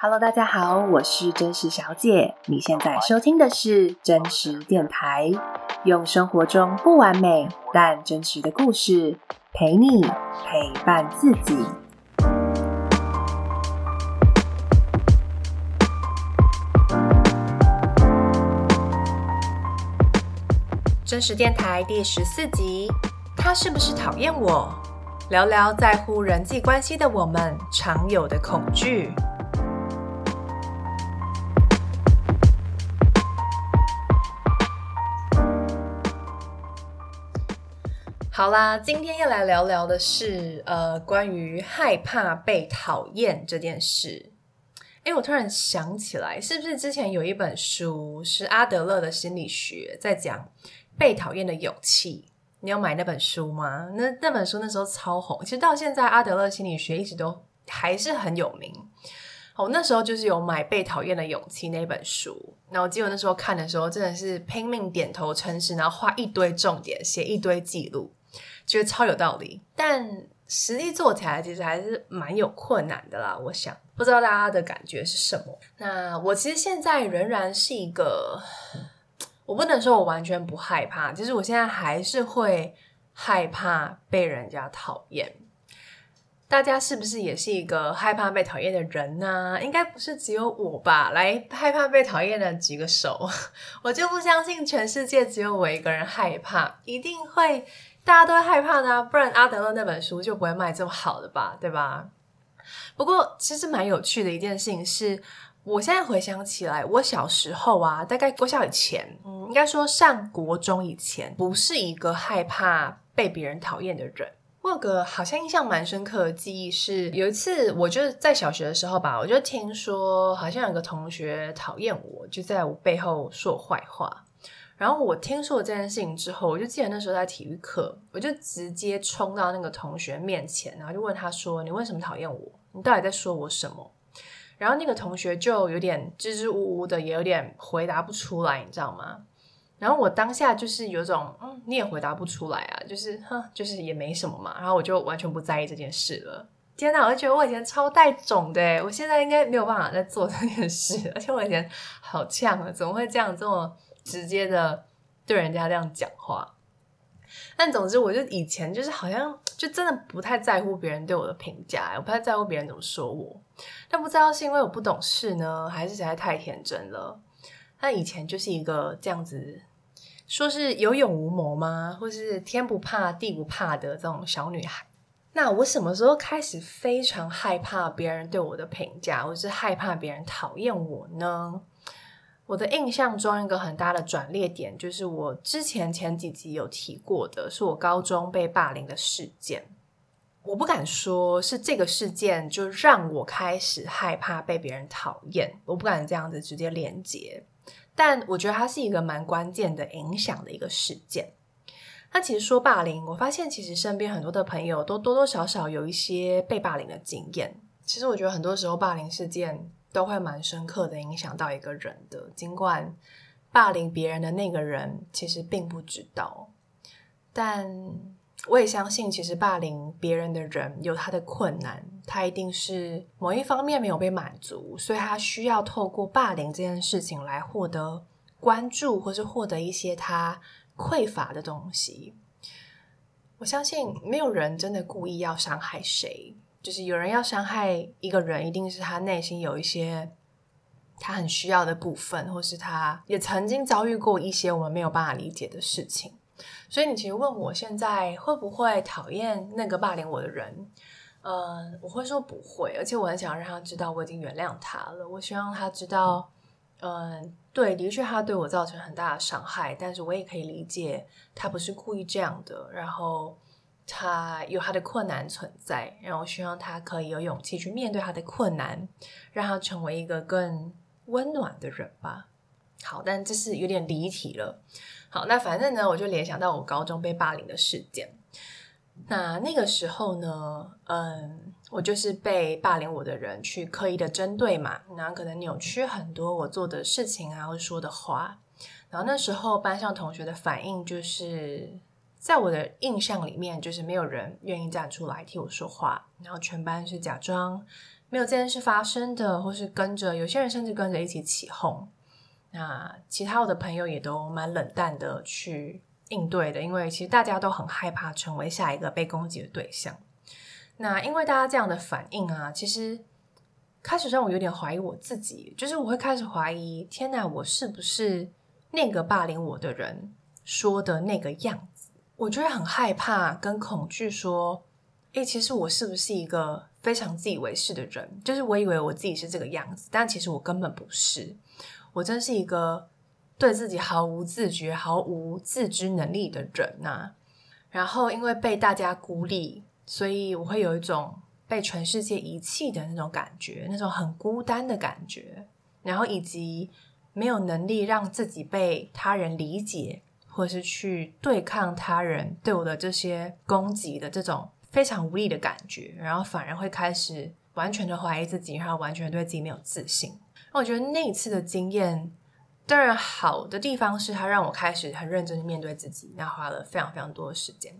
Hello，大家好，我是真實小姐。你現在收聽的是真實電台，用生活中不完美但真實的故事陪你陪伴自己。真實電台第十四集，他是不是討厭我？聊聊在乎人際關係的我們常有的恐懼。好啦，今天要來聊聊的是，呃，關於害怕被討厭這件事。哎、欸，我突然想起來，是不是之前有一本書是阿德勒的心理學在講被討厭的勇氣？你有買那本書嗎？那那本書那時候超紅，其實到現在阿德勒心理學一直都還是很有名。我那時候就是有買《被討厭的勇氣》那本書，那我記得那時候看的時候真的是拼命點頭稱是，然後畫一堆重點，寫一堆記錄。覺得超有道理，但實際做起來其實還是蠻有困難的啦。我想不知道大家的感覺是什麼。那我其實現在仍然是一個，我不能說我完全不害怕，其實我現在還是會害怕被人家討厭。大家是不是也是一個害怕被討厭的人呢？應該不是只有我吧？來，害怕被討厭的舉個手。我就不相信全世界只有我一個人害怕，一定會。大家都會害怕呢，啊，不然阿德勒那本書就不會賣這麼好的吧，對吧？不過其實蠻有趣的一件事情是，我現在回想起來，我小時候啊，大概國小以前，嗯，應該說上國中以前，不是一個害怕被別人討厭的人。我有個好像印象蠻深刻的記憶是，有一次我就是在小學的時候吧，我就聽說好像有個同學討厭我，就在我背後說我壞話。然後我聽說了這件事情之後，我就記得那時候在體育課，我就直接衝到那個同學面前，然後就問他說：“你為什麼討厭我？你到底在說我什麼？”然後那個同學就有點支支吾吾的，也有點回答不出來，你知道嗎？然後我當下就是有種，嗯，你也回答不出來啊，就是哼，就是也沒什麼嘛。然後我就完全不在意這件事了。天哪！我就覺得我以前超帶種的耶，我現在應該沒有辦法再做這件事。而且我以前好嗆啊，怎麼會這樣這麼？直接的對人家這樣講話，但總之，我就以前就是好像就真的不太在乎別人對我的評價欸，我不太在乎別人怎麼說我。但不知道是因為我不懂事呢，還是實在太天真了。他以前就是一個這樣子，說是有勇無謀嗎，或是天不怕地不怕的這種小女孩。那我什麼時候開始非常害怕別人對我的評價，或是害怕別人討厭我呢？我的印象中，一個很大的轉捩點，就是我之前前幾集有提過的，是我高中被霸凌的事件。我不敢說是這個事件就讓我開始害怕被別人討厭，我不敢這樣子直接連結。但我覺得它是一個蠻關鍵的影響的一個事件。那其實說霸凌，我發現其實身邊很多的朋友都多多少少有一些被霸凌的經驗。其實我覺得很多時候霸凌事件，都會蠻深刻的影響到一個人的，儘管霸凌別人的那個人其實並不知道，但我也相信，其實霸凌別人的人有他的困難，他一定是某一方面沒有被滿足，所以他需要透過霸凌這件事情來獲得關注，或是獲得一些他匱乏的東西。我相信沒有人真的故意要傷害誰。就是有人要傷害一個人，一定是他內心有一些他很需要的部分，或是他也曾經遭遇過一些我們沒有辦法理解的事情。所以你其實問我現在會不會討厭那個霸凌我的人？嗯，我會說不會，而且我很想讓他知道我已經原諒他了。我希望他知道，嗯，對，的確他對我造成很大的傷害，但是我也可以理解他不是故意這樣的，然後。他有他的困難存在，然後我希望他可以有勇氣去面對他的困難，讓他成為一個更溫暖的人吧。好，但這是有點離題了。好，那反正呢，我就聯想到我高中被霸凌的事件。那那個時候呢，嗯，我就是被霸凌我的人去刻意的針對嘛，然後可能扭曲很多我做的事情啊，或說的話。然後那時候班上同學的反應就是。在我的印象裡面，就是沒有人願意站出來替我說話，然後全班是假裝沒有這件事發生的，或是跟着有些人甚至跟着一起起哄。那其他我的朋友也都蠻冷淡的去應對的，因為其實大家都很害怕成為下一個被攻擊的對象。那因為大家這樣的反應啊，其實開始讓我有點懷疑我自己，就是我會開始懷疑：天哪，我是不是那個霸凌我的人說的那個樣子？我就會很害怕跟恐懼，說：“欸，其實我是不是一個非常自以為是的人？就是我以為我自己是這個樣子，但其實我根本不是。我真是一個對自己毫無自覺、毫無自知能力的人吶。然後因為被大家孤立，所以我會有一種被全世界遺棄的那種感覺，那種很孤單的感覺，然後以及沒有能力讓自己被他人理解。”或者是去對抗他人對我的這些攻擊的這種非常無力的感覺，然後反而會開始完全的懷疑自己，然後完全對自己沒有自信。那我覺得那一次的經驗，當然好的地方是它讓我開始很認真面對自己，那花了非常非常多的時間。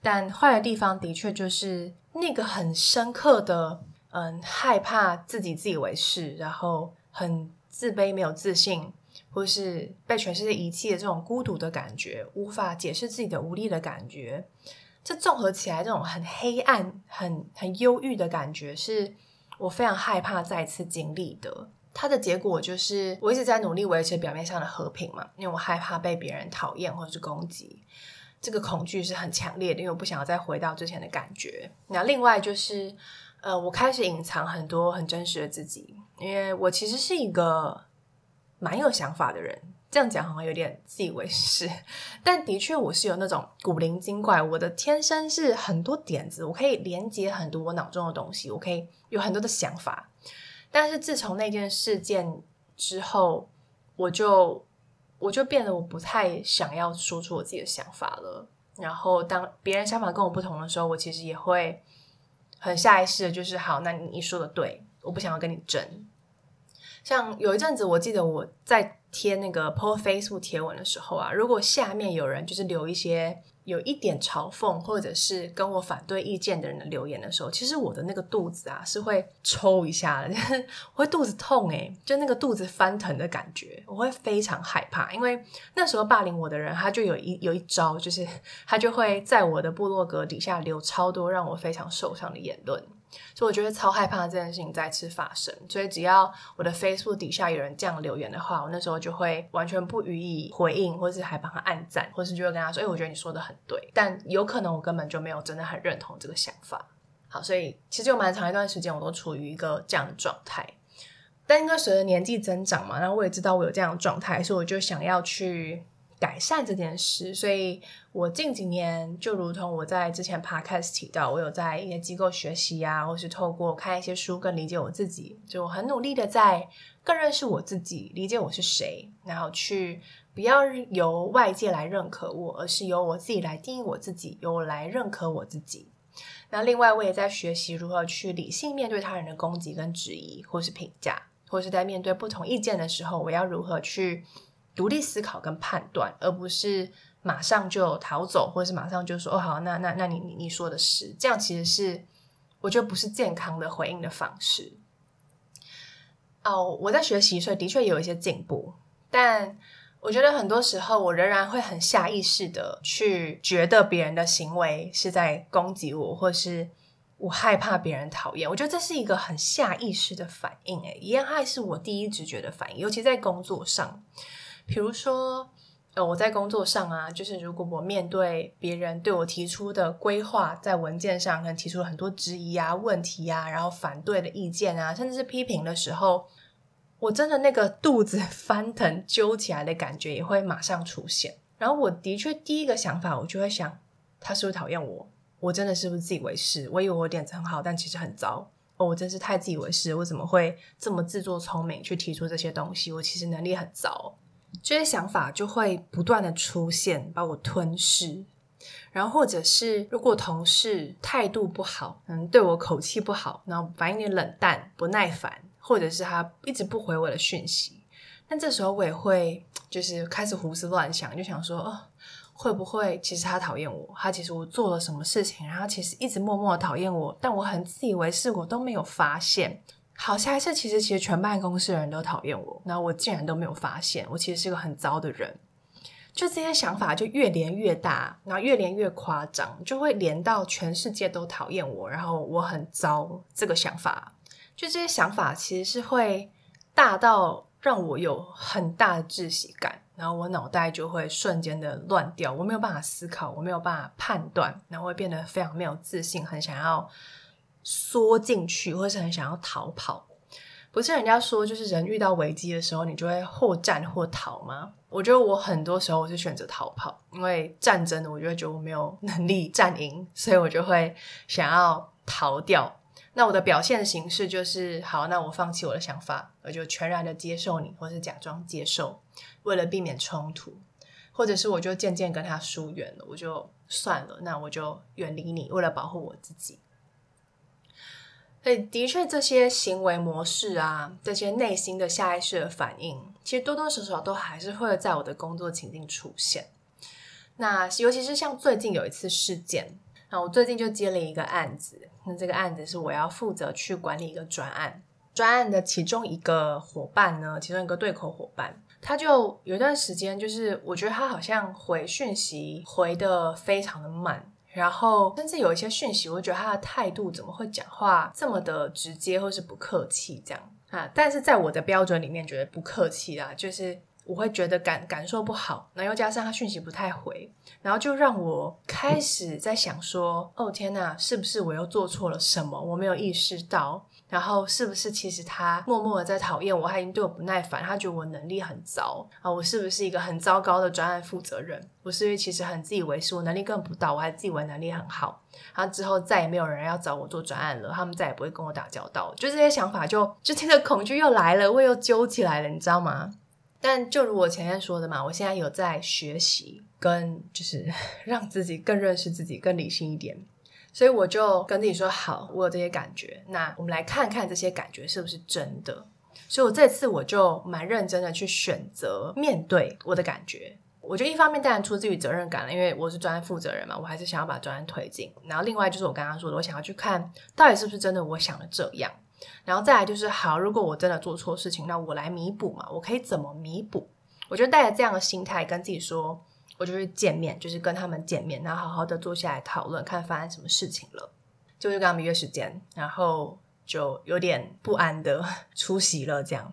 但壞的地方的確就是那個很深刻的，嗯，害怕自己自以為是，然後很自卑沒有自信。或是被全世界遺棄的這種孤獨的感覺，無法解釋自己的無力的感覺，這綜合起來，這種很黑暗、很很憂鬱的感覺，是我非常害怕再次經歷的。它的結果就是，我一直在努力維持表面上的和平嘛，因為我害怕被別人討厭或者是攻擊。這個恐懼是很強烈的，因為我不想要再回到之前的感覺。那另外就是，呃，我開始隱藏很多很真實的自己，因為我其實是一個。蠻有想法的人，這樣講好像有點自以為是，但的確我是有那種古靈精怪，我的天生是很多點子，我可以連接很多我腦中的東西，我可以有很多的想法。但是自從那件事件之後，我就我就變得我不太想要說出我自己的想法了。然後當別人想法跟我不同的時候，我其實也會很下意識的就是，好，那你你說的對，我不想要跟你爭。像有一陣子，我記得我在貼那個 PO Facebook 貼文的時候啊，如果下面有人就是留一些有一點嘲諷或者是跟我反對意見的人的留言的時候，其實我的那個肚子啊是會抽一下的，就是、我會肚子痛誒、欸，就那個肚子翻騰的感覺，我會非常害怕。因為那時候霸凌我的人，他就有一有一招，就是他就會在我的部落格底下留超多讓我非常受傷的言論。所以我覺得超害怕的這件事情再次發生，所以只要我的 Facebook 底下有人這樣留言的話，我那時候就會完全不予以回應，或是還幫他按讚，或是就會跟他說：“欸，我覺得你說得很對。”但有可能我根本就沒有真的很認同這個想法。好，所以其實有蠻長一段時間我都處於一個這樣的狀態，但因為隨着年紀增長嘛，然後我也知道我有這樣的狀態，所以我就想要去改善這件事，所以我近幾年就如同我在之前 podcast 提到，我有在一些機構學習啊，或是透過看一些書，更理解我自己，就我很努力的在更認識我自己，理解我是誰，然後去不要由外界來認可我，而是由我自己來定義我自己，由我來認可我自己。那另外我也在學習如何去理性面對他人的攻擊跟質疑，或是評價，或是在面對不同意見的時候，我要如何去。獨立思考跟判斷，而不是馬上就逃走，或是馬上就說哦好，那那，那你你，你說的是這樣，其實是我覺得不是健康的回應的方式。哦，我在學習，所以的確也有一些進步，但我覺得很多時候我仍然會很下意識的去覺得別人的行為是在攻擊我，或是我害怕別人討厭。我覺得這是一個很下意識的反應、欸，哎，一樣還是我第一直覺的反應，尤其在工作上。比如說，呃、哦，我在工作上啊，就是如果我面對別人對我提出的規劃，在文件上可能提出了很多質疑啊、問題啊，然後反對的意見啊，甚至是批評的時候，我真的那個肚子翻騰、揪起來的感覺也會馬上出現。然後我的確第一個想法，我就會想，他是不是討厭我？我真的是不是自以為是？我以為我點子很好，但其實很糟。哦，我真是太自以為是，我怎麼會這麼自作聰明去提出這些東西？我其實能力很糟。這些想法就會不斷的出現，把我吞噬。然後，或者是如果同事態度不好，嗯，對我口氣不好，然後反應點冷淡、不耐煩，或者是他一直不回我的訊息，但這時候我也會就是開始胡思亂想，就想說，哦，會不會其實他討厭我？他其實我做了什麼事情？然後其實一直默默的討厭我，但我很自以為是我都沒有發現。好，下一次其實其實全辦公室的人都討厭我，然後我竟然都沒有發現，我其實是個很糟的人。就這些想法就越連越大，然後越連越誇張，就會連到全世界都討厭我，然後我很糟這個想法。就這些想法其實是會大到讓我有很大的窒息感，然後我腦袋就會瞬間的亂掉，我沒有辦法思考，我沒有辦法判斷，然後會變得非常沒有自信，很想要。縮進去，或是很想要逃跑。不是人家說，就是人遇到危機的時候，你就會或戰或逃嗎？我覺得我很多時候我是選擇逃跑，因為戰爭，我就會覺得我沒有能力戰贏，所以我就會想要逃掉。那我的表現形式就是，好，那我放棄我的想法，我就全然的接受你，或是假裝接受，為了避免衝突，或者是我就漸漸跟他疏遠了，我就算了，那我就遠離你，為了保護我自己。所以，的確，這些行為模式啊，這些內心的下意識的反應，其實多多少少都還是會在我的工作情境出現。那尤其是像最近有一次事件，那我最近就接了一個案子，那這個案子是我要負責去管理一個專案，專案的其中一個夥伴呢，其中一個對口夥伴，他就有一段時間，就是我覺得他好像回訊息回得非常的慢。然後甚至有一些訊息，我覺得他的態度怎麼會講話這麼的直接，或是不客氣這樣啊？但是在我的標準裡面，覺得不客氣啦，啊，就是我會覺得感感受不好。然後又加上他訊息不太回，然後就讓我開始在想說：哦天哪，是不是我又做錯了什麼？我沒有意識到。然後是不是其實他默默的在討厭我，他已經對我不耐煩，他覺得我能力很糟啊，我是不是一個很糟糕的專案負責人？我是不是因為其實很自以為是，我能力根本不到，我還自以為能力很好？然後之後再也沒有人要找我做專案了，他們再也不會跟我打交道，就這些想法，就之前的恐懼又來了，我又揪起來了，你知道嗎？但就如我前面說的嘛，我現在有在學習跟，跟就是讓自己更認識自己，更理性一點。所以我就跟自己說：“好，我有這些感覺，那我們來看看這些感覺是不是真的。”所以，我這次我就蠻認真的去選擇面對我的感覺。我覺得一方面當然出自於責任感了，因為我是專案負責人嘛，我還是想要把專案推進。然後另外就是我剛剛說的，我想要去看到底是不是真的我想的這樣。然後再來就是，好，如果我真的做錯事情，那我來彌補嘛，我可以怎麼彌補？我就帶着這樣的心態跟自己說。我就是見面，就是跟他們見面，然後好好的坐下來討論，看發生什麼事情了。就是跟他們約時間，然後就有點不安的出席了。這樣，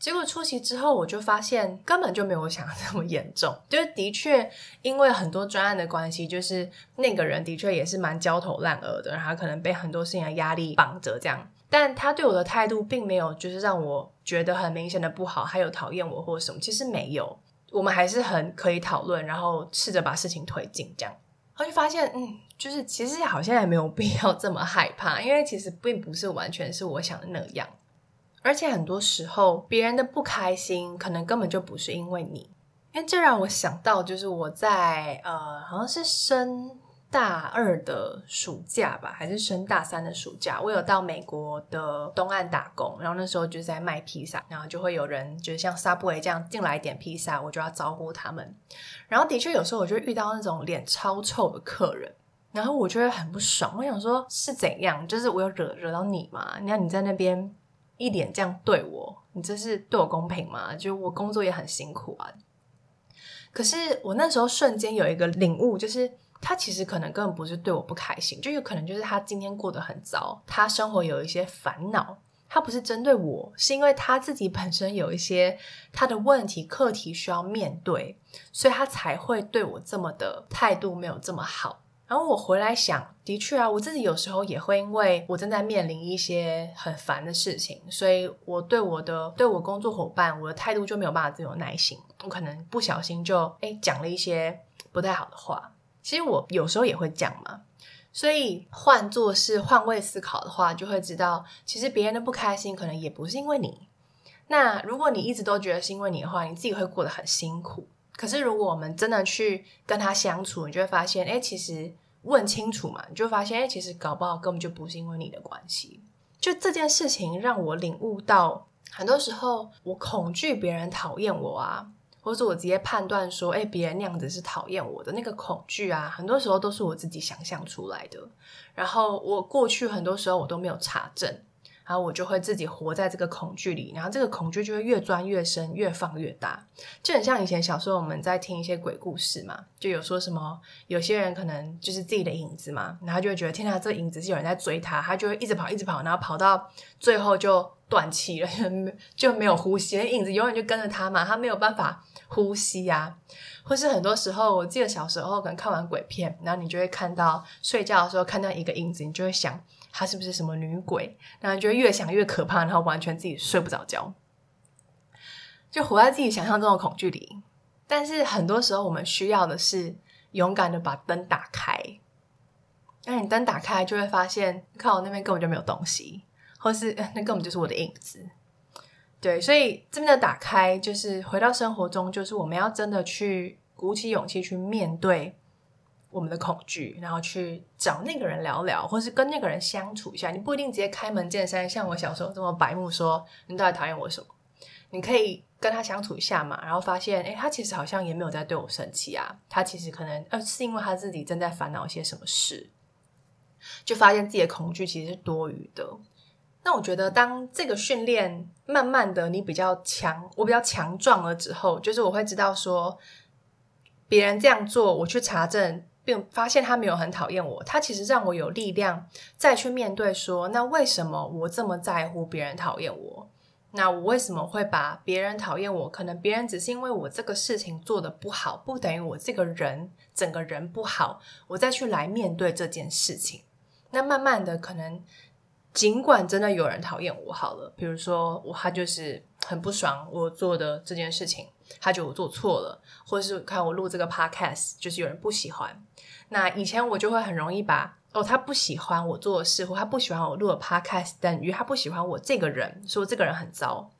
結果出席之後，我就發現根本就沒有我想的那麼嚴重。就是的確，因為很多專案的關係，就是那個人的確也是蠻焦頭爛額的，然後他可能被很多事情的壓力綁着這樣。但他對我的態度並沒有，就是讓我覺得很明顯的不好，還有討厭我或什麼。其實沒有。我們還是很可以討論，然後試着把事情推進，這樣，然後就發現，嗯，就是其實好像也沒有必要這麼害怕，因為其實並不是完全是我想的那樣，而且很多時候別人的不開心，可能根本就不是因為你，因為這讓我想到，就是我在呃，好像是生。大二的暑假吧，還是升大三的暑假，我有到美國的東岸打工，然後那時候就是在賣披薩，然後就會有人就是像 Subway 這樣進來點披薩，我就要招呼他們。然後的確有時候我就遇到那種臉超臭的客人，然後我就會很不爽，我想說是怎樣，就是我有惹惹到你嗎？你看你在那邊一臉這樣對我，你這是對我公平嗎？就我工作也很辛苦啊，可是我那時候瞬間有一個領悟，就是。他其實可能根本不是對我不開心，就有可能就是他今天過得很糟，他生活有一些煩惱，他不是針對我，是因為他自己本身有一些他的問題課題需要面對，所以他才會對我這麼的態度沒有這麼好。然後我回來想，的確啊，我自己有時候也會因為我正在面臨一些很煩的事情，所以我對我的對我工作伙伴，我的態度就沒有辦法這麼有耐心，我可能不小心就，哎，講了一些不太好的話。其實我有時候也會講嘛，所以換做是換位思考的話，就會知道，其實別人的不開心可能也不是因為你。那如果你一直都覺得是因為你的話，你自己會過得很辛苦。可是如果我們真的去跟他相處，你就會發現，哎，其實問清楚嘛，你就發現，哎，其實搞不好根本就不是因為你的關係。就這件事情讓我領悟到，很多時候我恐懼別人討厭我啊。或是我直接判斷說，哎、欸，別人那樣子是討厭我的那個恐懼啊，很多時候都是我自己想象出來的。然後我過去很多時候我都沒有查證，然後我就會自己活在這個恐懼裡，然後這個恐懼就會越鑽越深，越放越大，就很像以前小時候我們在聽一些鬼故事嘛，就有說什麼有些人可能就是自己的影子嘛，然後就會覺得天哪，這個影子是有人在追他，他就會一直跑，一直跑，然後跑到最後就。斷氣了，就沒有呼吸。因為影子永遠就跟着他嘛，他沒有辦法呼吸呀、啊。或是很多時候，我記得小時候可能看完鬼片，然後你就會看到睡覺的時候看到一個影子，你就會想他是不是什麼女鬼，然後你就越想越可怕，然後完全自己睡不着覺，就活在自己想象中的恐懼裡。但是很多時候，我們需要的是勇敢的把燈打開，那你燈打開就會發現，看我那邊根本就沒有東西。或是那根本就是我的影子，對，所以這邊的打開，就是回到生活中，就是我們要真的去鼓起勇氣去面對我們的恐懼，然後去找那個人聊聊，或是跟那個人相處一下。你不一定直接開門見山，像我小時候這麼白目說：“你到底討厭我什麼？”你可以跟他相處一下嘛，然後發現，哎，他其實好像也沒有在對我生氣啊，他其實可能呃是因為他自己正在煩惱一些什麼事，就發現自己的恐懼其實是多餘的。那我覺得，當這個訓練慢慢的，你比較強，我比較強壯了之後，就是我會知道說，別人這樣做，我去查證並發現他沒有很討厭我，他其實讓我有力量再去面對說，那為什麼我這麼在乎別人討厭我？那我為什麼會把別人討厭我？可能別人只是因為我這個事情做得不好，不等於我這個人整個人不好，我再去來面對這件事情。那慢慢的，可能。儘管真的有人討厭我好了，比如說我、哦、他就是很不爽我做的這件事情，他覺得我做錯了，或是看我錄這個 podcast，就是有人不喜歡。那以前我就會很容易把哦，他不喜歡我做的事，或他不喜歡我錄的 podcast，等於他不喜歡我這個人，說這個人很糟。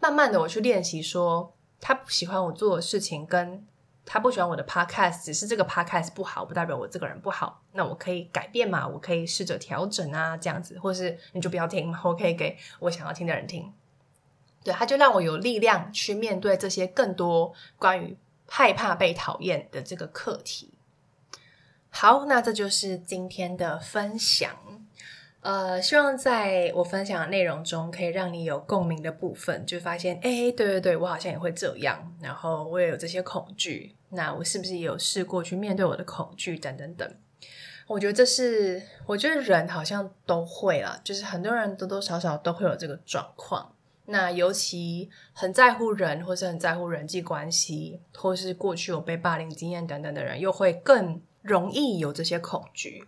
慢慢的，我去練習說他不喜歡我做的事情跟。他不喜歡我的 podcast，只是這個 podcast 不好，不代表我這個人不好。那我可以改變嘛？我可以試着調整啊，這樣子，或是你就不要聽嘛。我可以給我想要聽的人聽。對，他就讓我有力量去面對這些更多關於害怕被討厭的這個課題。好，那這就是今天的分享。呃，希望在我分享的內容中，可以讓你有共鳴的部分，就發現，哎、欸，對對對，我好像也會這樣，然後我也有這些恐懼，那我是不是也有試過去面對我的恐懼，等等等。我覺得這是，我覺得人好像都會啦，就是很多人多多少少都會有這個狀況。那尤其很在乎人，或是很在乎人際關係，或是過去有被霸凌經驗等等的人，又會更容易有這些恐懼。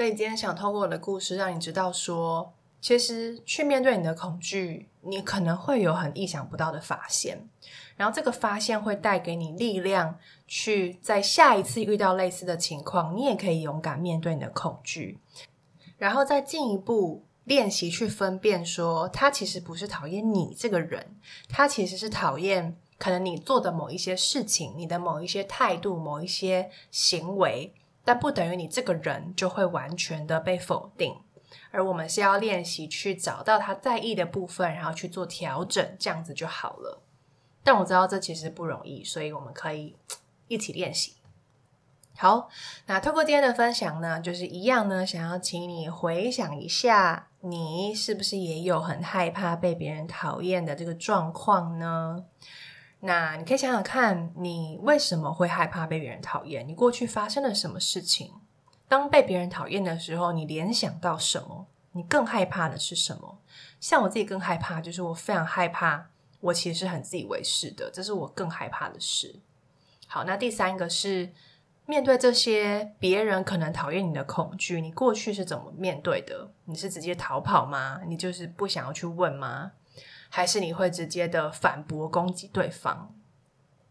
所以今天想通過我的故事，讓你知道說，說其實去面對你的恐懼，你可能會有很意想不到的發現，然後這個發現會帶給你力量，去在下一次遇到類似的情況，你也可以勇敢面對你的恐懼，然後再進一步練習去分辨說，說他其實不是討厭你這個人，他其實是討厭可能你做的某一些事情、你的某一些態度、某一些行為。但不等於你這個人就會完全的被否定，而我們是要練習去找到他在意的部分，然後去做調整，這樣子就好了。但我知道這其實不容易，所以我們可以一起練習。好，那透過今天的分享呢，就是一樣呢，想要請你回想一下，你是不是也有很害怕被別人討厭的這個狀況呢？那你可以想想看，你為什麼會害怕被別人討厭？你過去發生了什麼事情？當被別人討厭的時候，你聯想到什麼？你更害怕的是什麼？像我自己更害怕，就是我非常害怕，我其實是很自以為是的，這是我更害怕的事。好，那第三個是面對這些別人可能討厭你的恐懼，你過去是怎麼面對的？你是直接逃跑嗎？你就是不想要去問嗎？還是你會直接的反駁攻擊對方？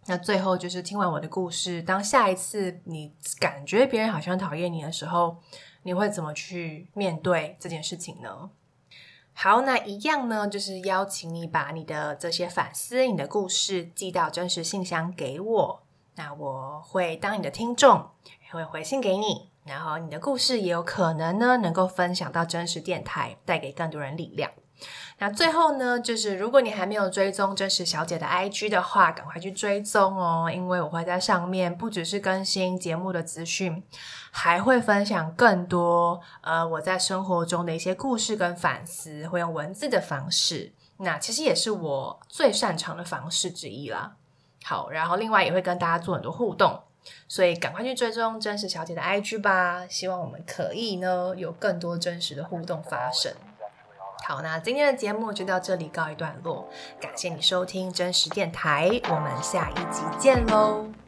那最後就是聽完我的故事，當下一次你感覺別人好像討厭你的時候，你會怎麼去面對這件事情呢？好，那一樣呢，就是邀請你把你的這些反思、你的故事寄到真實信箱給我，那我會當你的聽眾，也會回信給你，然後你的故事也有可能呢，能夠分享到真實電台，帶給更多人力量。那最後呢，就是如果你還沒有追蹤真實小姐的 IG 的話，趕快去追蹤哦！因為我會在上面不只是更新節目的資訊，還會分享更多呃我在生活中的一些故事跟反思，會用文字的方式。那其實也是我最擅長的方式之一啦。好，然後另外也會跟大家做很多互動，所以趕快去追蹤真實小姐的 IG 吧！希望我們可以呢有更多真實的互動發生。好，那今天的節目就到這裡告一段落。感謝你收聽《真實電台》，我們下一集見嘍。